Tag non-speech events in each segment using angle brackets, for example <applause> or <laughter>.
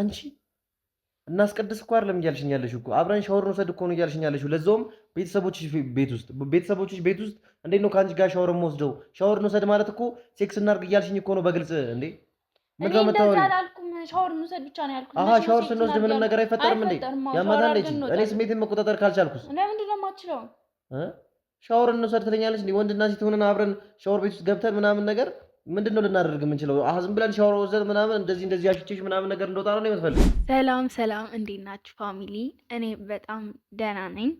አንቺ እናስቀድስ እኮ አይደለም እያልሽኝ ያለሽ እኮ አብረን ሻወር እንውሰድ እኮ ነው እያልሽኝ ያለሽ። ለዛውም ቤተሰቦችሽ ቤት ውስጥ ቤተሰቦችሽ ቤት ውስጥ እንዴት ነው ከአንቺ ጋር ሻወር የምወስደው? ሻወር እንውሰድ ማለት እኮ ሴክስ እናድርግ እያልሽኝ እኮ ነው በግልጽ እንዴ። ምንድን ነው ሻወር አሀ ሻወር ስንወስድ ምንም ነገር አይፈጠርም እንዴ? ያማታል እንጂ እኔ ስሜትን መቆጣጠር ካልቻልኩስ ሻወር እንውሰድ ትለኛለች። ወንድና ሴት ሆነን አብረን ሻወር ቤት ውስጥ ገብተን ምናምን ነገር ምንድን ነው ልናደርግ የምንችለው? ዝም ብለን ሻወር ወዘን ምናምን እንደዚህ እንደዚህ አሽቼሽ ምናምን ነገር እንደወጣ ነው የምትፈልግ? ሰላም ሰላም፣ እንዴት ናችሁ ፋሚሊ? እኔ በጣም ደህና ነኝ።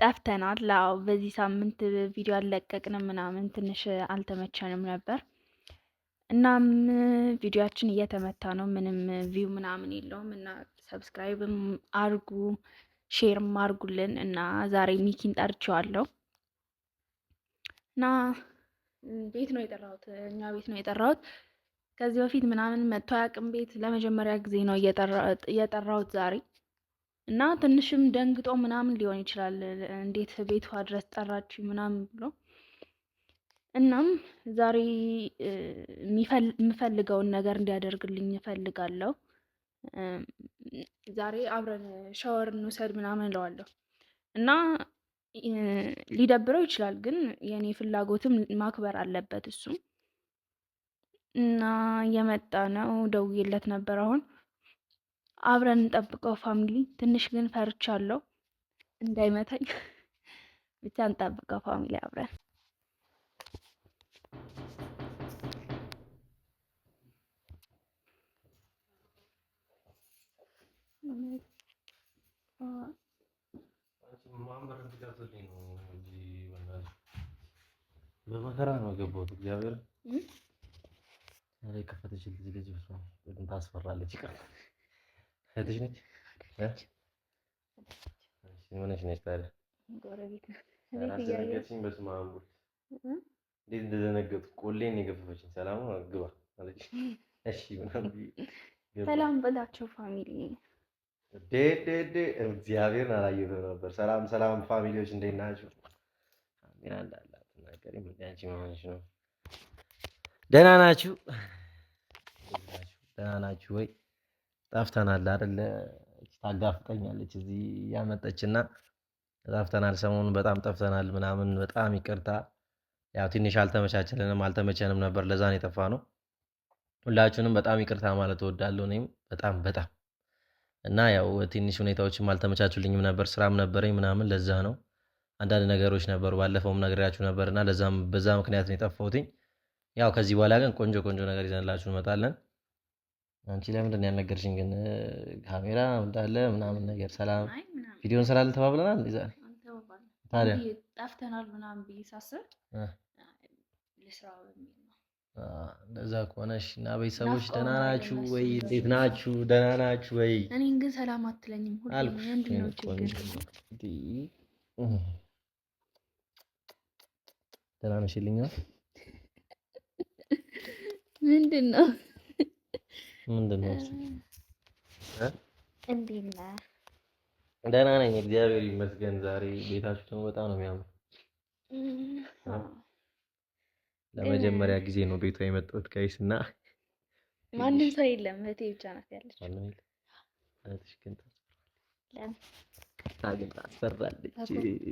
ጠፍተናል። ላው በዚህ ሳምንት ቪዲዮ አልለቀቅንም ምናምን ትንሽ አልተመቸንም ነበር። እናም ቪዲዮችን እየተመታ ነው፣ ምንም ቪው ምናምን የለውም እና ሰብስክራይብም አርጉ ሼርም አርጉልን እና ዛሬ ሚኪን ጠርቼዋለሁ እና ቤት ነው የጠራሁት፣ እኛ ቤት ነው የጠራሁት። ከዚህ በፊት ምናምን መጥቶ አያውቅም ቤት ለመጀመሪያ ጊዜ ነው የጠራሁት ዛሬ እና ትንሽም ደንግጦ ምናምን ሊሆን ይችላል። እንዴት ቤቷ ድረስ ጠራች ምናምን ብሎ እናም ዛሬ የምፈልገውን ነገር እንዲያደርግልኝ እፈልጋለሁ። ዛሬ አብረን ሻወር እንውሰድ ምናምን እለዋለሁ እና ሊደብረው ይችላል፣ ግን የእኔ ፍላጎትም ማክበር አለበት እሱ እና የመጣ ነው። ደውዬለት ነበር። አሁን አብረን እንጠብቀው ፋሚሊ። ትንሽ ግን ፈርቻለሁ እንዳይመታኝ። <laughs> ብቻ እንጠብቀው ፋሚሊ አብረን በመከራ ነው የገባሁት። እግዚአብሔር ልጅ በጣም ታስፈራለች። ይቅርታ ነች? ምንሽ ነች ታዲያ? እንዴት እንደዘነገጥኩ ቆሌን የገፈፈችኝ። ሰላም ግባ አለች። እሺ ምናምን ሰላም በላቸው ፋሚሊ ዴዴዴ እግዚአብሔርን አላየሁትም ነበር። ሰላም ሰላም ፋሚሊዎች እንዴት ናችሁ? ሚና እንዳላት ነገር ምንያንቺ መሆንሽ ነው። ደህና ናችሁ? ደህና ናችሁ ወይ? ጠፍተናል አይደለ? ታጋፍጠኛለች እዚህ ያመጠችና ጠፍተናል። ሰሞኑን በጣም ጠፍተናል ምናምን። በጣም ይቅርታ። ያው ትንሽ አልተመቻችልንም አልተመቸንም ነበር። ለዛ ነው የጠፋ ነው። ሁላችሁንም በጣም ይቅርታ ማለት እወዳለሁ። እኔም በጣም በጣም እና ያው ትንሽ ሁኔታዎችም አልተመቻቹልኝም ነበር። ስራም ነበረኝ ምናምን ለዛ ነው። አንዳንድ ነገሮች ነበሩ ባለፈውም ነግሬያችሁ ነበር እና ለዛም በዛ ምክንያት ነው የጠፋሁትኝ። ያው ከዚህ በኋላ ግን ቆንጆ ቆንጆ ነገር ይዘንላችሁ እንመጣለን። አንቺ ለምንድን ነው ያልነገርሽኝ ግን? ካሜራ እንዳለ ምናምን ነገር ሰላም ቪዲዮ እንሰራለን ተባብለናል። ይዛ ታዲያ ጠፍተናል ምናምን ብዬ ሳስብ እንደዛ ከሆነ እሺ። እና ቤተሰቦች ደህና ናችሁ ወይ? እንዴት ናችሁ? ደህና ናችሁ ወይ? እኔን ግን ሰላም አትለኝም። ሁሉም ምንድን ነው ደህና ነሽ ይልኛ ምንድን ነው ምንድን ነው? እንዴት ነህ? ደህና ነኝ፣ እግዚአብሔር ይመስገን። ዛሬ ቤታችሁ ደግሞ በጣም ነው የሚያምር ለመጀመሪያ ጊዜ ነው ቤቷ የመጣሁት ጋይስ እና <laughs> ማንም ሰው የለም። እህቴ ብቻ ናት ያለች።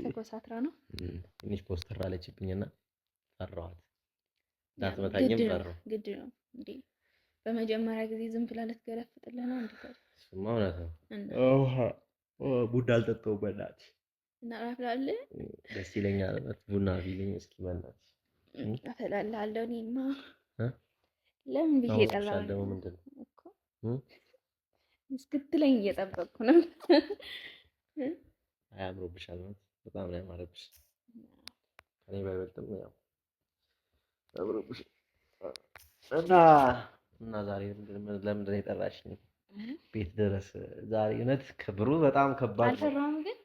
ተኮሳትራ ኮስተር አለችብኝ እና ፈራኋት። እንዳትመታኝም ፈራሁ። ግድ ነው እንዴ በመጀመሪያ ጊዜ ዝም ብላ ልትገለፍጥልህ ነው እንዴ? እሱማ እውነት ነው። አልጠጣሁም በእናትሽ እና ደስ ይለኛል ቡና ቢልኝ እስኪ በእናትሽ እፈላላለሁ። እኔማ ለምን ብዬ እኮ እስክትለኝ እየጠበቅኩ ነው። አያምሮብሻል በጣም ነው ያማረብሽ። እኔ ባይበልጥም ያው አምሮብሽ እና እና ዛሬ ለምንድን ነው የጠራሽኝ? ቤት ድረስ ዛሬ እውነት ክብሩ በጣም ከባድ ግን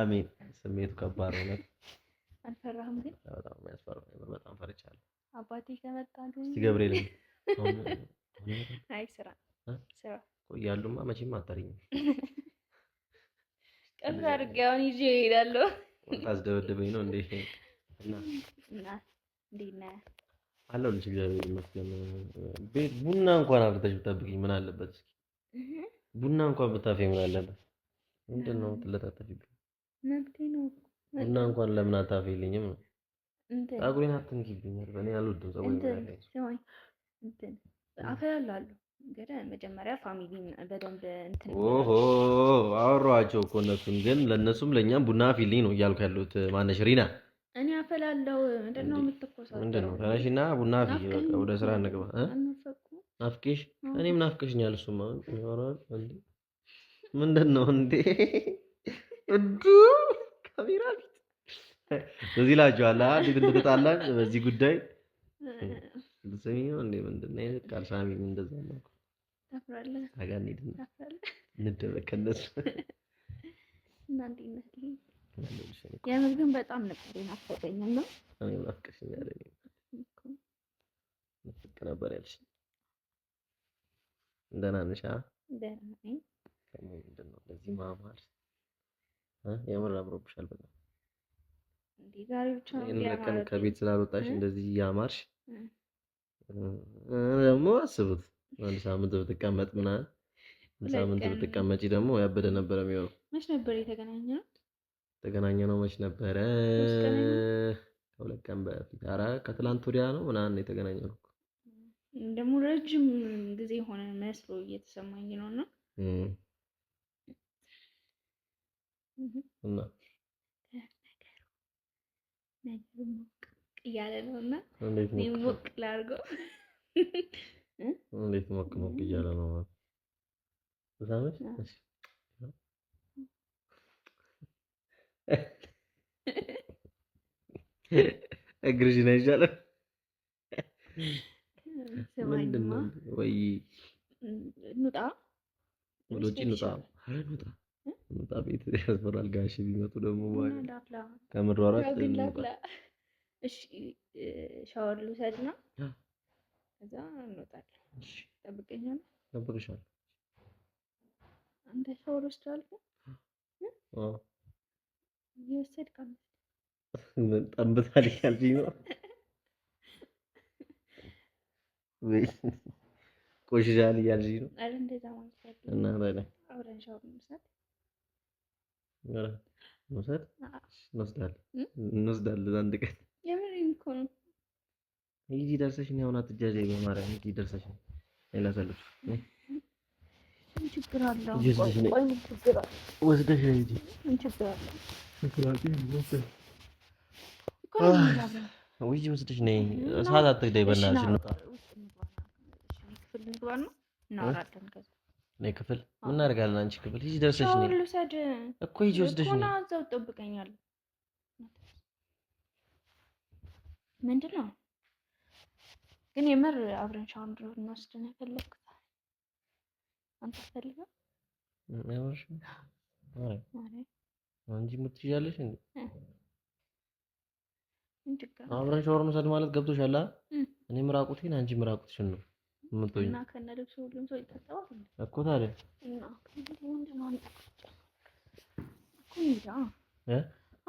አሜን። ስሜቱ ከባድ ነው። አልፈራህም? ግን በጣም የሚያስፈራ ነው። በጣም ፈርቻለሁ። አባቴ ከመጣ ግን እስቲ ገብርኤል አይ ስራ ስራ ቆያሉማ መቼም አታሪኝም። ቀስ አድርጌ አሁን ይዤ እሄዳለሁ። አስደበደበኝ ነው እንዴ? እና እና እንዴት ነህ ልጅ እግዚአብሔር ይመስገን። ቤት ቡና እንኳን አፍልተሽ ብጠብቅኝ ምን አለበት? ቡና እንኳን ብታፈይ ምን አለበት? ምንድን ነው የምትለጣጠፊብኝ? መብቴ ነው እና እንኳን ለምን አታፊልኝም ነው ፀጉሬን አትንኪብኛል። በእኔ አልወድም ፀጉሬን አፈላለሁ ግን መጀመሪያ ፋሚሊ በደንብ እንትን ኦሆ አወራኋቸው እኮ እነሱን ግን ለእነሱም ለእኛም ቡና አፊልኝ ነው እያልኩ ያሉት ማነሽ ሪና እኔ አፈላለሁ። ምንድን ነው የምትኮሳው? ምንድን ነው ተነሽና ቡና አፍይ። ወደ ስራ እንግባ። ናፍቄሽ እኔም ናፍቀሽኛል። እሱማ ምንድን ነው እንዴ እንዲሁም ካሜራ በዚህ ላቸዋል አንድ ግን በዚህ ጉዳይ ሰሚሆን ምንድን አይነት ቃል ሳሚ እንደዛ ነው ጋር እንሂድ እንደበቅ እነሱ እና እንዴት ነህ የምር ግን በጣም ነበር የናፈቀኝ ነው ናፍቀሽኛል ፍቅ ያለኝ ያልሽ ደህና ነሽ ደህና ነኝ ምንድን ነው እንደዚህ ማማር የምር አምሮብሻል በጣም ቀን ከቤት ስላልወጣሽ እንደዚህ እያማርሽ ደግሞ አስቡት። አንድ ሳምንት ብትቀመጥ ምናምን አንድ ሳምንት ብትቀመጪ ደግሞ ያበደ ነበረ የሚሆነው። መች ነበር የተገናኘ ነው መች ነበረ? ከሁለት ቀን በፊት ኧረ ከትላንት ወዲያ ነው ምናምን የተገናኘ ነው። ደግሞ ረጅም ጊዜ ሆነ መስሎ እየተሰማኝ ነው እና እና ነገሩ ሞቅ እያለ ነው እና ሞቅ ላድርገው። እንዴት ሞቅ ሞቅ እያለ ነው ማለት እግርሽ ነው ይሻላል። ምንድን ነው ወይ እንውጣ፣ ወደ ውጭ እንውጣ፣ ኧረ እንውጣ በጣም ያስፈራል። ጋሽ ቢመጡ ደግሞ ከመሯሯጥ ሻወር ልውሰድ ነው፣ ከዛ እንወጣለን። አንተ ሻወር ወስደሃል? አዎ፣ እየወሰድክ ጠብታለች ነው። <laughs> ቆሽሻል እያልሽኝ ነው እና አብረን ሻወር እንውሰድ መውሰድ እንወስዳለን እንወስዳለን አንድ ቀን የምሬን እኮ ነው። እዚህ ደርሰሽ ነው አሁን አትጃጃ በማርያም እዚህ ደርሰሽ ነው አይላሰልሽ ውይ ወስደሽ ነይ። ሰዓት አትግደይ በእናትሽ እንውጣ። ነይ ክፍል ምን እናደርጋለን? አንቺ ክፍል ሂጂ ደርሰሽ ነይ እኮ ሂጂ ወስደሽ ነይ። እዛው ትጠብቀኛለህ። ምንድን ነው ግን የምር አብረን ሻወር እንወስድ ነው የፈለግኩት። አንተ ፈልገው አይወርሽ አንቺ የምትይዣለሽ እንዴ? አብረን ሻወር እንወስድ ማለት ገብቶሻል? እኔ ምራቁቴን አንቺ ምራቁትሽን ነው እና ከነ ልብሱ ሁሉም ሰው ይታጠባል እኮ ታዲያ።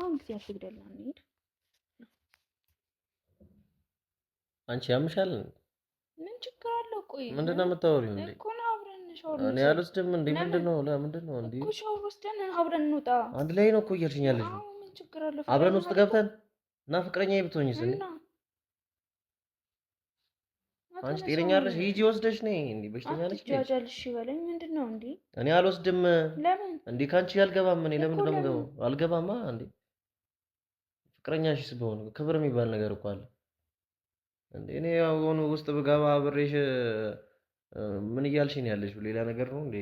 አሁን ጊዜ አትግደላ አንቺ ያምሻል። ምን ችግር አለው? ቆይ ምንድን ነው የምታወሪው? እኮ ነው አብረን ሻወር እኔ አልወስድም። ምንድን ነው ለምንድን ነው እኮ ሻወር ወስደን አብረን እንውጣ። አንድ ላይ ነው እኮ አብረን ውስጥ ገብተን እና ፍቅረኛ ብትሆኝስ? አንቺ ጤነኛ አይደለሽ። ሂጂ ወስደሽ ነይ። እንዴ በሽተኛ ነሽ እንዴ? አትጃጃልሽ በለኝ። ምንድን ነው እንዴ? እኔ አልወስድም። ለምን እንዴ? ካንቺ አልገባም። እኔ ለምን ነው ገባ? አልገባማ እንዴ። ፍቅረኛሽስ በሆነ ክብር የሚባል ነገር እኮ አለ እንዴ። እኔ ያው ሆኖ ውስጥ ብገባ አብሬሽ ምን እያልሽ ነው ያለሽ? ሌላ ነገር ነው እንዴ?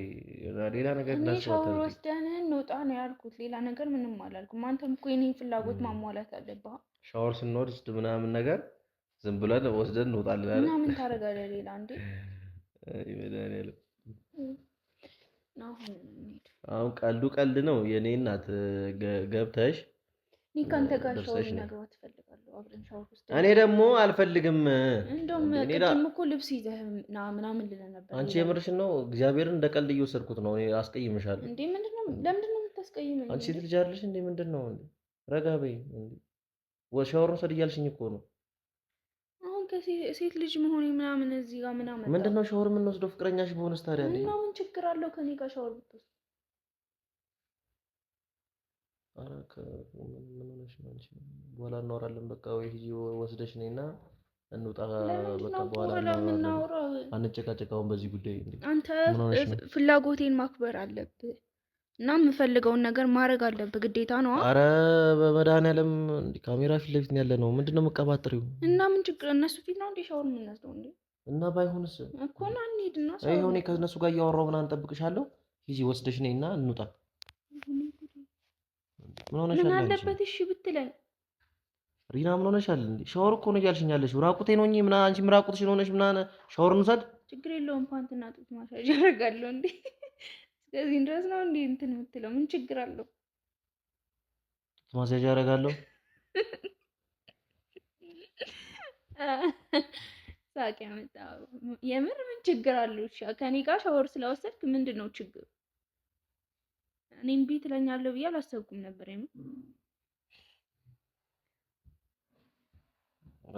ሌላ ነገር ናቸው። ሻወር ወስደን እንውጣ ነው ያልኩት። ሌላ ነገር ምንም አላልኩም። አንተም እኮ የኔን ፍላጎት ማሟላት አለብህ። ሻወር ስንወስድ ምናምን ነገር ዝም ብለን ወስደን እንወጣለን እና ምን ታደርጋለህ ሌላ እንዴ? አሁን ቀልዱ ቀልድ ነው። የእኔ እናት ገብተሽ ከአንተ ጋር ሻወር መግባት እፈልጋለሁ። አብረን ሻወር ውስጥ እኔ ደግሞ አልፈልግም። እንደውም ቅድም እኮ ልብስ ይዘህ ና ምናምን ነበር። አንቺ የምርሽን ነው? እግዚአብሔርን እንደ ቀልድ እየወሰድኩት ነው። አስቀይምሻለሁ እንዴ? ምንድን ነው? ለምንድን ነው የምታስቀይመኝ? አንቺ እንዴ? ምንድን ነው? ረጋ በይ። ሻወር ውሰድ እያልሽኝ እኮ ነው ሴት ልጅ መሆን ምናምን እዚህ ጋር ምናምን ምንድን ነው ሻወር የምንወስደው? ፍቅረኛሽ በሆነስ ታዲያ እና ምን ችግር አለው ከኔ ጋር ሻወር ብትወስድ? ኧረ ምን ሆነሽ ነው አንቺ? በኋላ እናወራለን። በቃ ወይ ሂጂ ወስደሽ ነኝ እና እንውጣ። በቃ በኋላ አንጨቃጨቃውን በዚህ ጉዳይ። አንተ ፍላጎቴን ማክበር አለብህ። እና የምፈልገውን ነገር ማድረግ አለብህ ግዴታ ነው። አረ በመድኃኒዓለም ካሜራ ፊት ለፊት ያለ ነው። ምንድን ነው የምቀባጥሪው? እና ምን ችግር እነሱ ፊት ነው እንዴ ሻወር የምንወስደው እንዴ? እና ባይሆንስ እኮ ና እንሂድ እና ይኸው እኔ ከእነሱ ጋር እያወራሁ ምናምን እጠብቅሻለሁ። ሂጂ ወስደሽ ነይ እና እንውጣ። ምን ሆነሻል? ምን አለበት እሺ ብትለኝ ሪና ምን ሆነሻል? እንዴ? ሻወር እኮ ነው እያልሽኝ ያለሽው። ራቁቴን ሆኜ ምናምን አንቺም ራቁትሽን ሆነሽ ምናምን ሻወር እንውሰድ። ችግር የለውም ፓንትና ጡት ማሳጅ አደርጋለሁ እንዴ እስከዚህም ድረስ ነው እንዴ እንትን የምትለው? ምን ችግር አለው? ማሴጅ አደርጋለሁ። ሳቅ ያመጣ። የምር ምን ችግር አለው? እሺ ከኔ ጋር ሻወር ስለወሰድክ ምንድን ነው ችግሩ? እኔ እምቢ ትለኛለህ ብዬ አላሰብኩም ነበር። የምር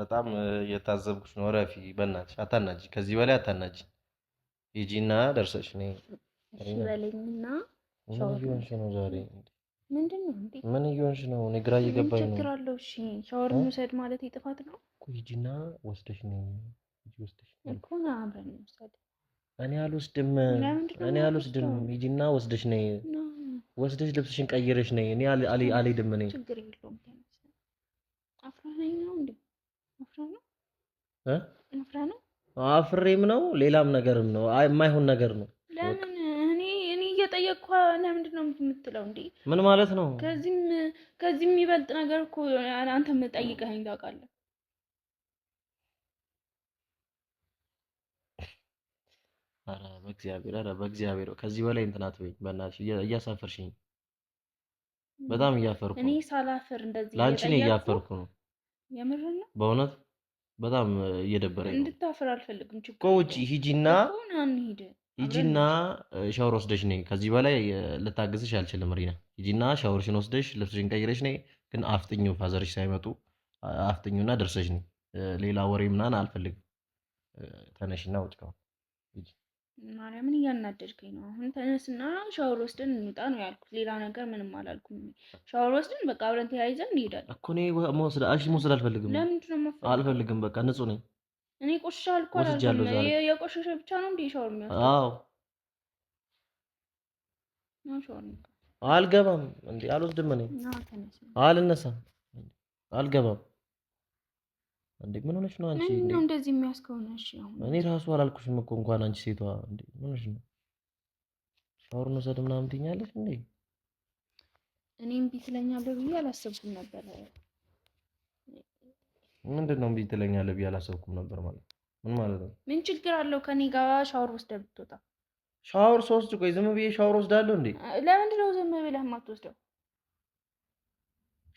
በጣም እየታዘብኩሽ ነው። ረፊ በእናትሽ አታናጂ፣ ከዚህ በላይ አታናጂ። ሂጂና ደርሰሽ ነይ። እሺ በለኝና ምን እየሆንሽ ነው ዛሬ? ምንድን ነው እንዴ? ምን እየሆንሽ ነው? እኔ ግራ እየገባኝ ነው። እሺ ሻወር እንውሰድ ማለት የጥፋት ነው? ሂጂና ወስደሽ ነው ወስደሽ እኮ ና አብረን እንውሰድ። እኔ አልወስድም፣ እኔ አልወስድም። ሂጂና ወስደሽ ነይ፣ ወስደሽ ልብስሽን ቀይረሽ ነይ። እኔ አልሄድም። እኔ ችግር የለውም። ነው እንዴ? ነው እ ነው አፍሬም ነው ሌላም ነገርም ነው። የማይሆን ነገር ነው። ካልጠየቅኳ እና ምንድን ነው የምትለው? እንዲ ምን ማለት ነው? ከዚህም ከዚህ የሚበልጥ ነገር እኮ አንተ የምጠይቀኝ ታውቃለህ። አረ በእግዚአብሔር አረ በእግዚአብሔር ከዚህ በላይ እንትናት ወይ በእናትሽ እያሳፈርሽኝ፣ በጣም እያፈርኩ እኔ ሳላፈር እንደዚህ ላንቺ ነው እያፈርኩ ነው። የምር ነው በእውነት በጣም እየደበረ እንድታፍር አልፈልግም። ከውጭ ሂጂና ሂጂና ሻወር ወስደሽ ነይ። ከዚህ በላይ ልታግዝሽ አልችልም። ሪና ሂጂና ሻወርሽን ወስደሽ ልብስሽን ቀይረሽ ነይ። ግን አፍጥኙ፣ ፋዘርሽ ሳይመጡ አፍጥኙና ደርሰሽ ነይ። ሌላ ወሬ ምናምን አልፈልግም። ተነሽና ውጭ ማርያምን እያናደድከኝ ነው። አሁን ተነስና ሻወር ወስደን እንውጣ ነው ያልኩት። ሌላ ነገር ምንም አላልኩም። ሻወር ወስደን በቃ አብረን ተያይዘን እንሄዳለን እኮ። እኔ መውሰድ አልፈልግም። ለምንድን ነው አልፈልግም? በቃ ንጹህ ነኝ እኔ። ቆሻ አልኩ አላልኩም። የቆሻሻ ብቻ ነው እንደ ሻወር የሚወስደው። አዎ አልገባም። እንደ አልወስድም። እኔ አልነሳም። አልገባም እንዴ ምን ሆነሽ ነው አንቺ? እንዴ እንደዚህ የሚያስከውነሽ እኔ ራሱ አላልኩሽም እኮ እንኳን አንቺ ሴቷ። እንዴ ምን ሆነሽ ነው? ሻወር ነው እንውሰድ ምናምን ትይኛለሽ እንዴ? እኔ እምቢ ትለኛለህ ብዬ አላሰብኩም ነበር። ምንድን ነው እምቢ ትለኛለህ ብዬ አላሰብኩም ነበር ማለት ምን ማለት ነው? ምን ችግር አለው ከኔ ጋር ሻወር ወስደህ ብትወጣ? ሻወር ሶስት ቆይ፣ ዝም ብዬ ሻወር ወስዳለሁ እንዴ? ለምንድን ነው ዝም ብለህ የማትወስደው?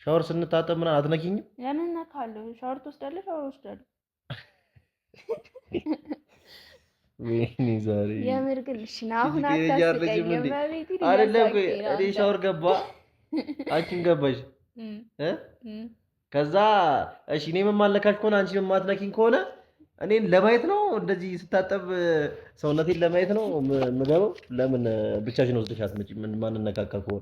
ሻወር ስንታጠብ ምናምን አትነኪኝም? ለምን እነካለሁ? ሻወር ትወስዳለህ? ሻወር ወስዳለሁ። ወይኔ ዛሬ የምር ግን ና አሁን አታስቀይም። አይደለም ቆይ እኔ ሻወር ገባ፣ አንቺም ገባሽ እ ከዛ እሺ፣ እኔ የማለካሽ ከሆነ አንቺ የማትነኪኝ ከሆነ እኔን ለማየት ነው እንደዚህ ስታጠብ ሰውነቴን ለማየት ነው የምገባው። ለምን ብቻሽን ወስደሽ አትመጪም? ምን ማንነካካ ከሆነ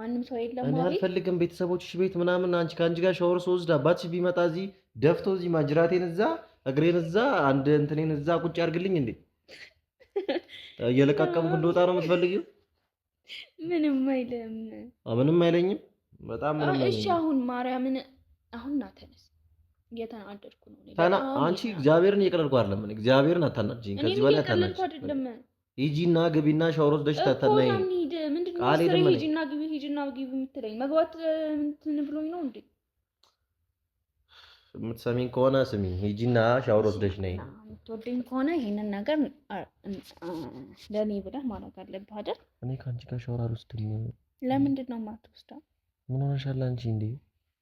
ማንም ሰው የለም። እኔ አልፈልግም ቤተሰቦችሽ ቤት ምናምን አንቺ ከአንቺ ጋር ሻወር ስወስድ አባትሽ ቢመጣ እዚህ ደፍቶ እዚህ ማጅራቴን እዛ እግሬን እዛ አንድ እንትኔን እዛ ቁጭ አድርግልኝ እንዴ! <laughs> እየለቃቀምኩ እንደወጣ ነው የምትፈልጊው? ምንም አይለም። ምንም አይለኝም። በጣም ምንም። እሺ አሁን ማርያምን አሁን ና ተነስ። እየተናደድኩ ነው አንቺ። እግዚአብሔርን እየቀለድኩ አይደለም። እግዚአብሔርን አታናጅኝ ከዚህ በላይ አታናጅኝ። ሂጂና ግቢና ሻወር ወስደሽ ተተናይ ቃል ይደም ሂጂና ግቢ ሂጂና ግቢ የምትለኝ መግባት እንትን ብሎኝ ነው እንዴ? የምትሰሚኝ ከሆነ ስሚ፣ ሂጂና ሻወር ወስደሽ ነይ። የምትወደኝ ከሆነ ይሄንን ነገር ለኔ ብለህ ማለት አለብህ አይደል? እኔ ከአንቺ ጋር ሻወር አልወስድም። ለምንድን ነው የማትወስደው? ምን ሆነሻል አንቺ እንዴ?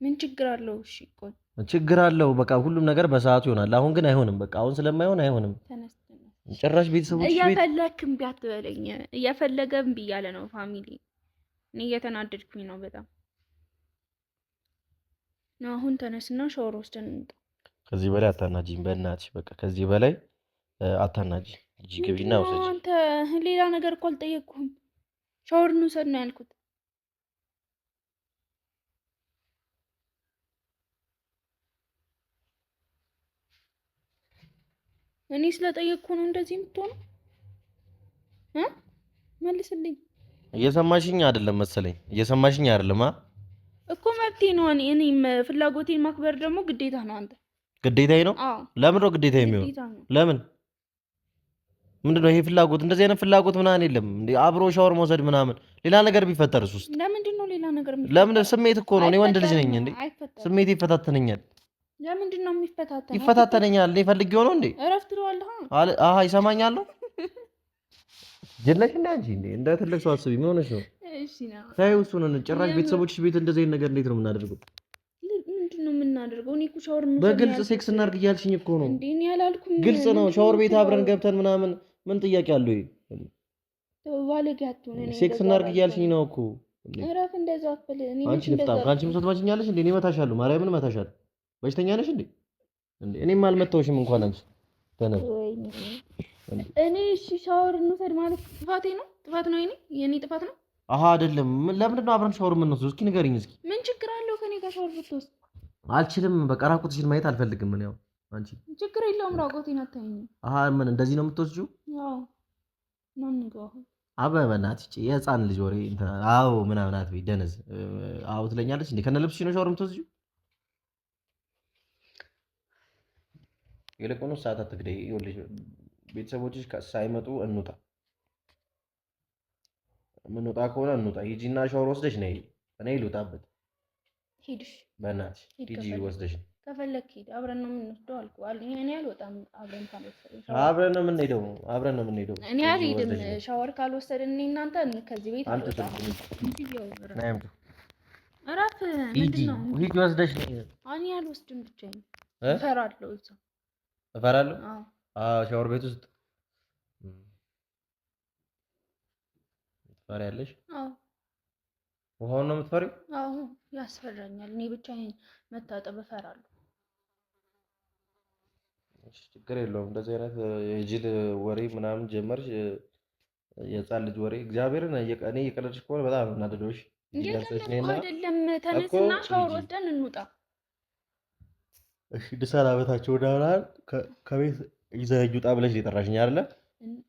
ምን ችግር አለው? እሺ ቆይ ችግር አለው። በቃ ሁሉም ነገር በሰዓቱ ይሆናል። አሁን ግን አይሆንም። በቃ አሁን ስለማይሆን አይሆንም። ጭራሽ ቤተሰቦች እየፈለክ እምቢ አትበለኝ። እየፈለገ እምቢ እያለ ነው ፋሚሊ። እኔ እየተናደድኩኝ ነው በጣም ነው። አሁን ተነስና ሻወር ወስደን እንውጣ። ከዚህ በላይ አታናጂኝ፣ በእናትሽ በቃ ከዚህ በላይ አታናጂኝ። ሂጂ ግቢና ውሰጂ። አንተ ሌላ ነገር እኮ አልጠየቅኩህም። ሻወር እንውሰድ ነው ያልኩት። እኔ ስለጠየቅኩ ነው እንደዚህ የምትሆነው። መልስልኝ። እየሰማሽኝ አይደለም መሰለኝ። እየሰማሽኝ አይደለም እኮ። መብቴ ነው። እኔ እኔ ፍላጎቴን ማክበር ደግሞ ግዴታ ነው። አንተ ግዴታዬ ነው። ለምን ነው ግዴታ የሚሆን? ለምን ምንድን ነው ይሄ ፍላጎት? እንደዚህ አይነት ፍላጎት ምናምን የለም። አብሮ ሻወር መውሰድ ምናምን፣ ሌላ ነገር ቢፈጠርስ ውስጥ ለምንድን ነው ሌላ ነገር? ለምን ስሜት እኮ ነው። እኔ ወንድ ልጅ ነኝ እንዴ፣ ስሜት ይፈታተነኛል። ለምንድን ነው የሚፈታተነው? ይፈታተነኛል እንዴ? ፈልጌው እንዴ? እረፍት ትለዋለህ። አሀ ጀለሽ እንደ አንቺ እንዴ እንደ ትልቅ ሰው አስቢ። ምን ሆነሽ ነው? እሺ ነው ታዩ። እሱን ጭራሽ ቤተሰቦችሽ ቤት እንደዚህ ነገር እንዴት ነው የምናደርገው? ምንድን ነው የምናደርገው? እኔ እኮ ሻወር ምን በግልጽ ሴክስ እናድርግ እያልሽኝ እኮ ነው እንዴ? እኔ አላልኩም። ግልጽ ነው። ሻወር ቤት አብረን ገብተን ምናምን ምን ጥያቄ አለው? ይሄ ነው። ሴክስ እናድርግ እያልሽኝ ነው እኮ። አትበል። አንቺ ልፍጣ። አንቺ ማችኛለሽ እንዴ? እኔ እመታሻለሁ። ማርያምን እመታሻለሁ በሽተኛ ነሽ እንዴ? እንዴ እኔም አልመታሁሽም እንኳን አንቺ ተነሽ። እኔ እሺ ሻወር እንውሰድ ማለት ጥፋቴ ነው? ጥፋት ነው የኔ የኔ ጥፋት ነው? አሃ አይደለም። ለምንድን ነው አብረን ሻወር የምንወስደው? እስኪ ንገሪኝ። እስኪ ምን ችግር አለው ከኔ ጋር ሻወር ብትወስድ? አልችልም። በቃ ራቁትሽን ማየት አልፈልግም። ምን ያው አንቺ ችግር የለውም። ራቁቴን አታይኝም። አሃ ምን እንደዚህ ነው የምትወስጂው? አዎ ማን ነው አበበ በእናትሽ የህፃን ልጅ ወሬ አዎ ምናምን አትበይ። ደነዝ አዎ ትለኛለች እንዴ? ከነ ልብስሽ ነው ሻወር የምትወስጂው? ይልቁኑ ሰዓት አትግደይ። ይኸውልሽ ቤተሰቦችሽ ሳይመጡ እንውጣ፣ የምንወጣ ከሆነ እንውጣ። ሂጂና ሻወር ወስደሽ ነይ። እኔ ይሉጣበት ሂድሽ፣ በእናትሽ ሂጂ ወስደሽ ከፈለክ ሂድ። አብረን ነው የምንወስደው አልኩ። እኔ አልወጣም። አብረን ካልወሰድን አብረን ነው የምንሄደው። አብረን ነው የምንሄደው። እኔ አልሄድም። ሻወር ካልወሰድን እኔ እናንተ ከዚህ ቤት አልወጣም። ምንድን ነው? ሂጂ ወስደሽ ነይ። እኔ አልወስድም ብቻዬን፣ እፈራለሁ እፈራለሁ። አዎ ሻወር ቤት ውስጥ ትፈሪያለሽ? አዎ ውሃውን ነው የምትፈሪው? አዎ ያስፈራኛል። እኔ ብቻዬን መታጠብ እፈራለሁ። ችግር የለውም። እንደዚህ አይነት የጅል ወሬ ምናምን ጀመርሽ፣ የህፃን ልጅ ወሬ። እግዚአብሔርን እኔ እየቀለድሽ ከሆነ በጣም እናደዶሽ። አይደለም ተነስና ሻወር ወስደን እንውጣ። እሺ ልሰናበታቸው ወደ ከቤት ይዘኸኝ ውጣ ብለሽ የጠራሽኝ አይደለ?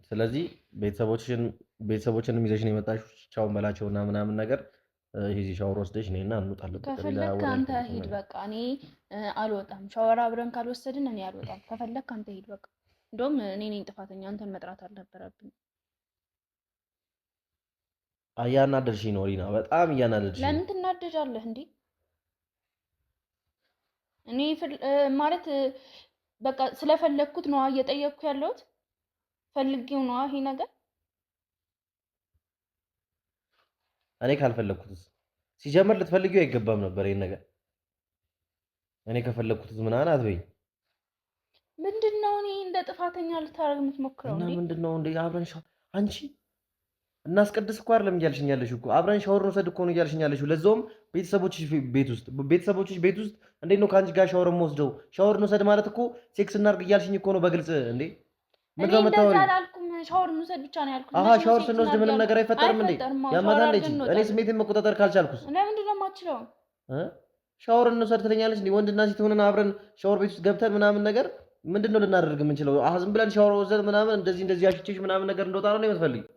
ስለዚህ ቤተሰቦችን ቤተሰቦችንም ይዘሽን የመጣሽው ቻውን በላቸውና ምናምን ነገር ይሄ ሻወር ወስደሽ እኔና እንውጣለን። ከፈለክ አንተ ሂድ በቃ እኔ አልወጣም። ሻወር አብረን ካልወሰድን እኔ አልወጣም። ከፈለግ ከአንተ ሂድ በቃ። እንደውም እኔ ነኝ ጥፋተኛ፣ አንተን መጥራት አልነበረብኝ። እያናደድሽኝ ነው ሪና፣ በጣም እያናደድሽኝ። ለምን ትናደዳለህ እንዴ? እኔ ማለት በቃ ስለፈለግኩት ነዋ እየጠየቅኩ ያለሁት ፈልጌው ነዋ ይሄ ነገር። እኔ ካልፈለግኩትስ ሲጀምር ልትፈልጊው አይገባም ነበር ይሄን ነገር። እኔ ከፈለግኩትስ ምናምን አትበይ። ምንድን ነው እኔ እንደ ጥፋተኛ ልታደርግ የምትሞክረው? እና ምንድን ነው እንደ አብረን አንቺ እናስቀድስ እኮ አይደለም እያልሽኝ ያለሽው እኮ አብረን ሻወር እንውሰድ እኮ ነው እያልሽኝ ያለሽው። ለዛውም ቤተሰቦችሽ ቤት ውስጥ ቤተሰቦችሽ ቤት ውስጥ እንዴት ነው ከአንቺ ጋር ሻወር የምወስደው? ሻወር እንውሰድ ማለት እኮ ሴክስ እናድርግ እያልሽኝ እኮ ነው በግልጽ እንዴ። ምንድነው መታወሪ? ሻወር እንውሰድ ብቻ ነው ያልኩት። አሃ ሻወር ስንወስድ ምንም ነገር አይፈጠርም እንዴ? ያማታል እንጂ እኔ ስሜቴን መቆጣጠር ካልቻልኩስ ለምንድን ነው የማትችለው? ሻወር እንውሰድ ትለኛለች እንዴ? ወንድና ሴት ሆነን አብረን ሻወር ቤት ውስጥ ገብተን ምናምን ነገር ምንድን ነው ልናደርግ የምንችለው? ዝም ብለን ሻወር ወሰድ ምናምን እንደዚህ እንደዚህ አሽቼሽ ምናምን ነገር እንደወጣ ነው የምትፈልጊው?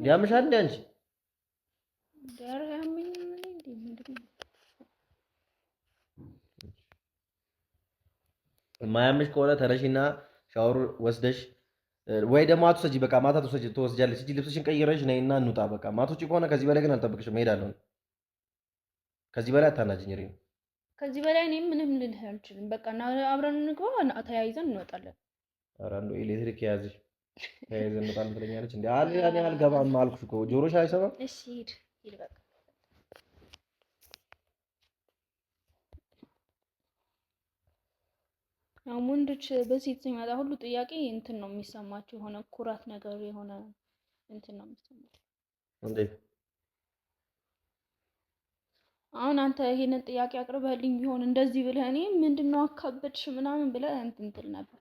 እንዲያምሻ እንደ አንቺ የማያምሽ ከሆነ ተነሽና ሻወር ወስደሽ ወይ ደግሞ አትወስጂ፣ በቃ ማታ ትወስጃለሽ እንጂ ልብስሽን ቀይረሽ ነይና እንውጣ። በቃ ማቶች ከሆነ ከዚህ በላይ ግን አልጠብቅሽም፣ እሄዳለሁ። ከዚህ በላይ አታናጅኝ። ከዚህ በላይ እኔም ምንም ልልህ አልችልም። በቃ አብረን እንግባ፣ ተያይዘን እንወጣለን። ኧረ እንደው ኤሌክትሪክ የያዝሽ ተያይዘንጣል ትለኛለች። እኔ አልገባም አልኩሽ እኮ ጆሮሽ አይሰማም። እሺ ሂድ ሂድ በቃ ወንዶች በሴት ሲመጣ ሁሉ ጥያቄ እንትን ነው የሚሰማቸው፣ የሆነ ኩራት ነገር የሆነ እንትን ነው የሚሰማቸው። እንዴ አሁን አንተ ይሄንን ጥያቄ አቅርበህልኝ ቢሆን እንደዚህ ብለህ እኔ ምንድነው አካበድሽ ምናምን ብለህ እንትን ትል ነበር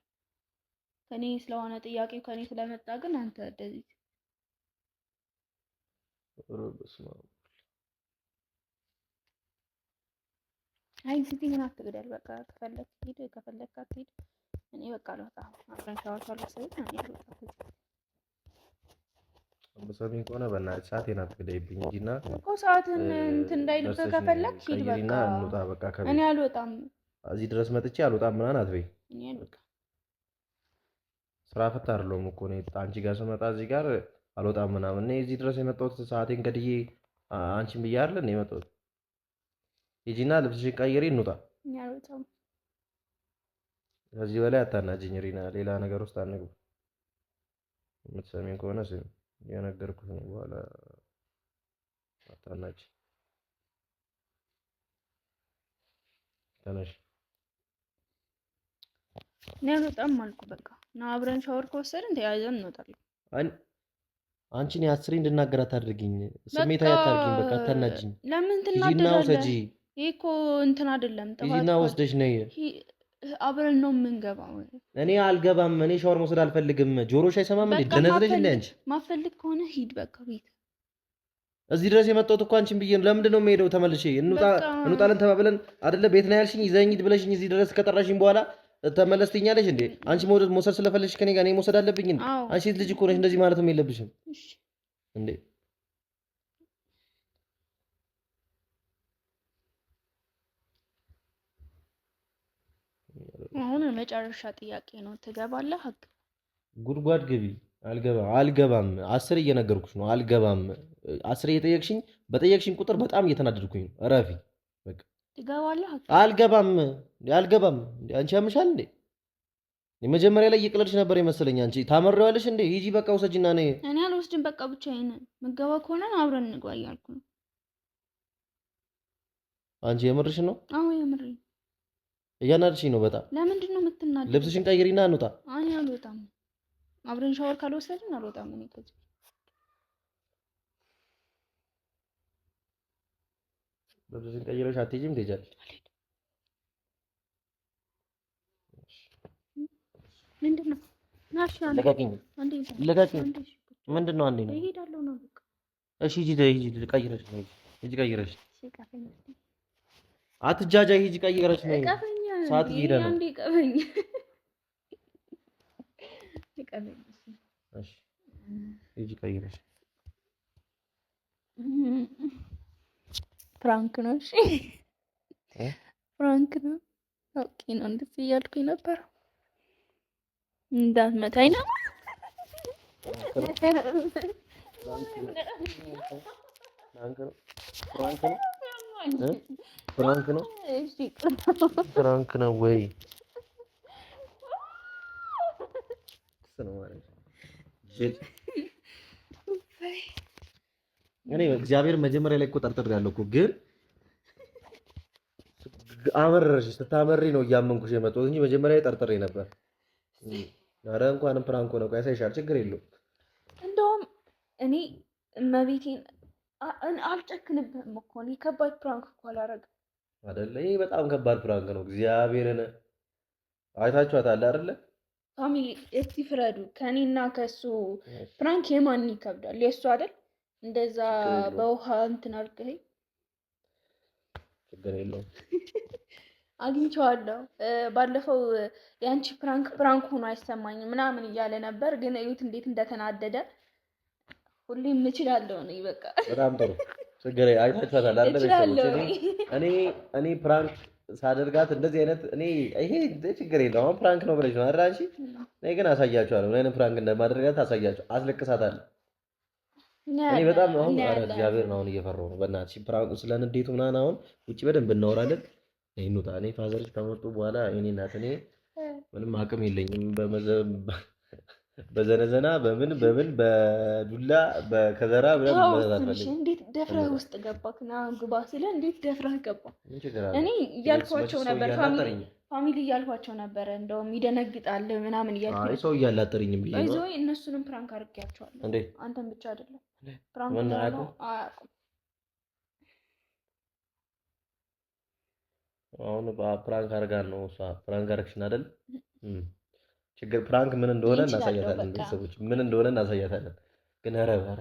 ከኔ ስለሆነ ጥያቄ ከኔ ስለመጣ ግን አንተ እንደዚህ አይ ሲቲ ምን አትግደል። በቃ ከፈለክ ሂድ፣ ከፈለክ አትሂድ። እኔ በቃ አልወጣም። አብረን ሻወር ካልወሰድን እኔ አልወጣም። በሰሚን ከሆነ በእናትህ ሰዓቴን አትግደይብኝ እንጂና እኮ ሰዓትን እንትን እንዳይልብህ ከፈለክ ሂድ። በቃ እኔ አልወጣም። እዚህ ድረስ መጥቼ አልወጣም ምናምን አትበይ። እኔ አልወጣም ስራ ፈት አይደለሁም እኮ እኔ አንቺ ጋር ስመጣ እዚህ ጋር አልወጣም ምናምን። እኔ እዚህ ድረስ የመጣሁት ሰዓቴን ገድዬ አንቺን ብዬሽ አይደል እኔ የመጣሁት። ሂጂና ልብስሽን ቀይሪ እንውጣ። ከዚህ በላይ አታናጅኝ ሪና፣ ሌላ ነገር ውስጥ አንግብ የምትሰሚን ከሆነ ስም የነገርኩት ነው። በኋላ አታናጅ ተነሽ። እኔ አልወጣም አልኩ በቃ እና አብረን ሻወር ከወሰድን ተያይዘን እንወጣለን። አንቺን አስሬ እንድናገር አታድርጊኝ። ስሜት አያታርግኝ። በቃ አታናጅኝ። ለምን ትናደዳለህ? ይሄ እኮ እንትን አይደለም። ሂጂና ወስደሽ ነይ። አብረን ነው የምንገባው። እኔ አልገባም። እኔ ሻወር መውሰድ አልፈልግም። ጆሮሽ አይሰማም እንዴ? ደነዝረሽ እንዴ? አንቺ ማፈልግ ከሆነ ሂድ በቃ ቤት። እዚህ ድረስ የመጣሁት እኮ አንቺን ብዬ ነው። ለምንድን ነው የምሄደው? ተመልሼ እንውጣለን ተባብለን አይደለ? ቤት ነው ያልሽኝ። ይዘኝ ሂድ ብለሽኝ እዚህ ድረስ ከጠራሽኝ በኋላ ተመለስ ትኛለሽ እንዴ? አንቺ መውደድ መውሰድ ስለፈለግሽ ከኔ ጋር እኔ መውሰድ አለብኝ እንዴ? አንቺ ልጅ እኮ ነሽ፣ እንደዚህ ማለትም የለብሽም እንዴ። አሁን መጨረሻ ጥያቄ ነው፣ ትገባለህ? ሀቅ ጉድጓድ ግቢ። አልገባ አልገባም። አስር እየነገርኩሽ ነው። አልገባም። አስር እየጠየቅሽኝ፣ በጠየቅሽኝ ቁጥር በጣም እየተናደድኩኝ ነው። እረፊ አልገባም አልገባም። አንቺ ያምሻል እንዴ? የመጀመሪያ ላይ እየቀለድሽ ነበር የመሰለኝ። አንቺ ታመሪዋለሽ እንዴ? ሂጂ በቃ ውሰጂና እኔ እኔ አልወስድም። በቃ ብቻዬን መገባ ከሆነ አብረን እንግባ እያልኩ ነው። አንቺ የምርሽ ነው? አዎ የምር። እያናድሽኝ ነው በጣም። ለምንድን ነው የምትናደድ? ልብስሽን ቀይሪና እንውጣ። እኔ አልወጣም። አብረን ሻወር ካልወሰድን አልወጣም እኔ ከዚህ ልብስሽን ቀይረሽ አትሄጂም ትሄጃለሽ። ምንድን ነው አንዴ ነው እሺ ሂጂ፣ ሂጂ ቀይረሽ ነው። ሂጂ ቀይረሽ፣ አትጃጃይ። ሂጂ ቀይረሽ ነው። ሰዓት እየሄደ ነው። እሺ ሂጂ ቀይረሽ <laughs> ፍራንክ ነው። እሺ ፍራንክ ነው። ኦኬ ነው። እንደዚህ እያልኩኝ ነበር እንዳትመታኝ ነው። ፍራንክ ነው። ፍራንክ ነው ወይ ነው ማለት ነው። እኔ እግዚአብሔር መጀመሪያ ላይ እኮ ጠርጥሬያለሁ እኮ ግን አመረሽ ስታመሪ ነው እያመንኩሽ የመጣሁት እንጂ መጀመሪያ ላይ ጠርጥሬ ነበር። ኧረ እንኳንም ፕራንክ ሆነ። ቆይ ያሳይሻል፣ ችግር የለውም። እንደውም እኔ መቤቴን አልጨክንብህም እኮ እኔ ከባድ ፕራንክ እኮ አላደረግም አይደለ? ይሄ በጣም ከባድ ፕራንክ ነው። እግዚአብሔርን አይታችኋታል አይደለ? ፋሚሊ እስቲ ፍረዱ። ከእኔና ከእሱ ፕራንክ የማን ይከብዳል? የእሱ አይደል? እንደዛ በውሃ እንትን አድርገኸኝ ችግር የለውም <laughs> አግኝቼዋለሁ። ባለፈው የአንቺ ፕራንክ ፕራንክ ሆኖ አይሰማኝም ምናምን እያለ ነበር፣ ግን እዩት እንዴት እንደተናደደ። ሁሌም እችላለሁ ነው በቃ። በጣም ጥሩ ችግር አይታችኋታል አይደል? እኔ እኔ ፕራንክ ሳደርጋት እንደዚህ አይነት እኔ ይሄ ችግር የለውም አሁን ፕራንክ ነው ብለሽ ነው አይደል አንቺ? እኔ ግን አሳያችኋለሁ፣ ምን አይነት ፕራንክ እንደማደርጋት አሳያችኋለሁ፣ አስለቅሳታለሁ እኔ በጣም አሁን አረ እግዚአብሔር ነው አሁን እየፈራሁ ነው። በእናትሽ ፕራንኩ ስለ ንዴቱ ምናምን አሁን ውጭ በደንብ እናወራለን። ይኑታ እኔ ፋዘርሽ ከመጡ በኋላ እኔ እናት እኔ ምንም አቅም የለኝም። በዘነዘና በምን በምን በዱላ ከዘራ እንዴት ደፍረህ ውስጥ ገባክ ና ግባ ሲለ እንዴት ደፍረህ ገባ። እኔ እያልኳቸው ነበር ፋሚሊ ፋሚሊ እያልኳቸው ነበረ። እንደውም ይደነግጣል ምናምን እያልኩ ሰው እያላጠርኝም ብዬ ይዞ እነሱንም ፕራንክ አድርጌያቸዋለሁ። አንተም ብቻ አይደለም ፕራንክ አያውቁም። አሁን ፕራንክ አድርጋን ነው እሷ ፕራንክ አድርግሽን አይደል? ችግር ፕራንክ ምን እንደሆነ እናሳያታለን። ቤተሰቦች ምን እንደሆነ እናሳያታለን። ግን ኧረ ኧረ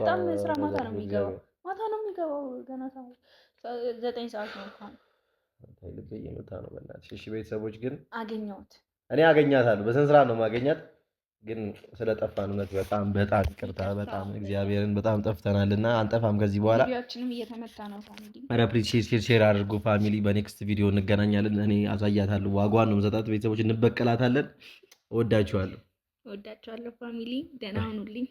በጣም ስራ ማታ ነው የሚገባው፣ ማታ ነው የሚገባው። ገና ዘጠኝ ሰዓት ነው እንኳን ልቤ እየመታ ነው። በእናትሽ እሺ። ቤተሰቦች ግን አገኘሁት። እኔ አገኛታለሁ። በስንት ስራ ነው ማገኛት። ግን ስለጠፋን እውነት በጣም በጣም ይቅርታ። በጣም እግዚአብሔርን በጣም ጠፍተናል እና አንጠፋም ከዚህ በኋላ። ቪዲዮችንም እየተመታ ነው። ፋሚሊ ፕሊዝ ሼር አድርጉ ፋሚሊ። በኔክስት ቪዲዮ እንገናኛለን። እኔ አሳያታለሁ። ዋጓ ነው የምሰጣት። ቤተሰቦች እንበቀላታለን። እወዳችኋለሁ። እወዳችኋለሁ ፋሚሊ። ደህና ሁኑልኝ።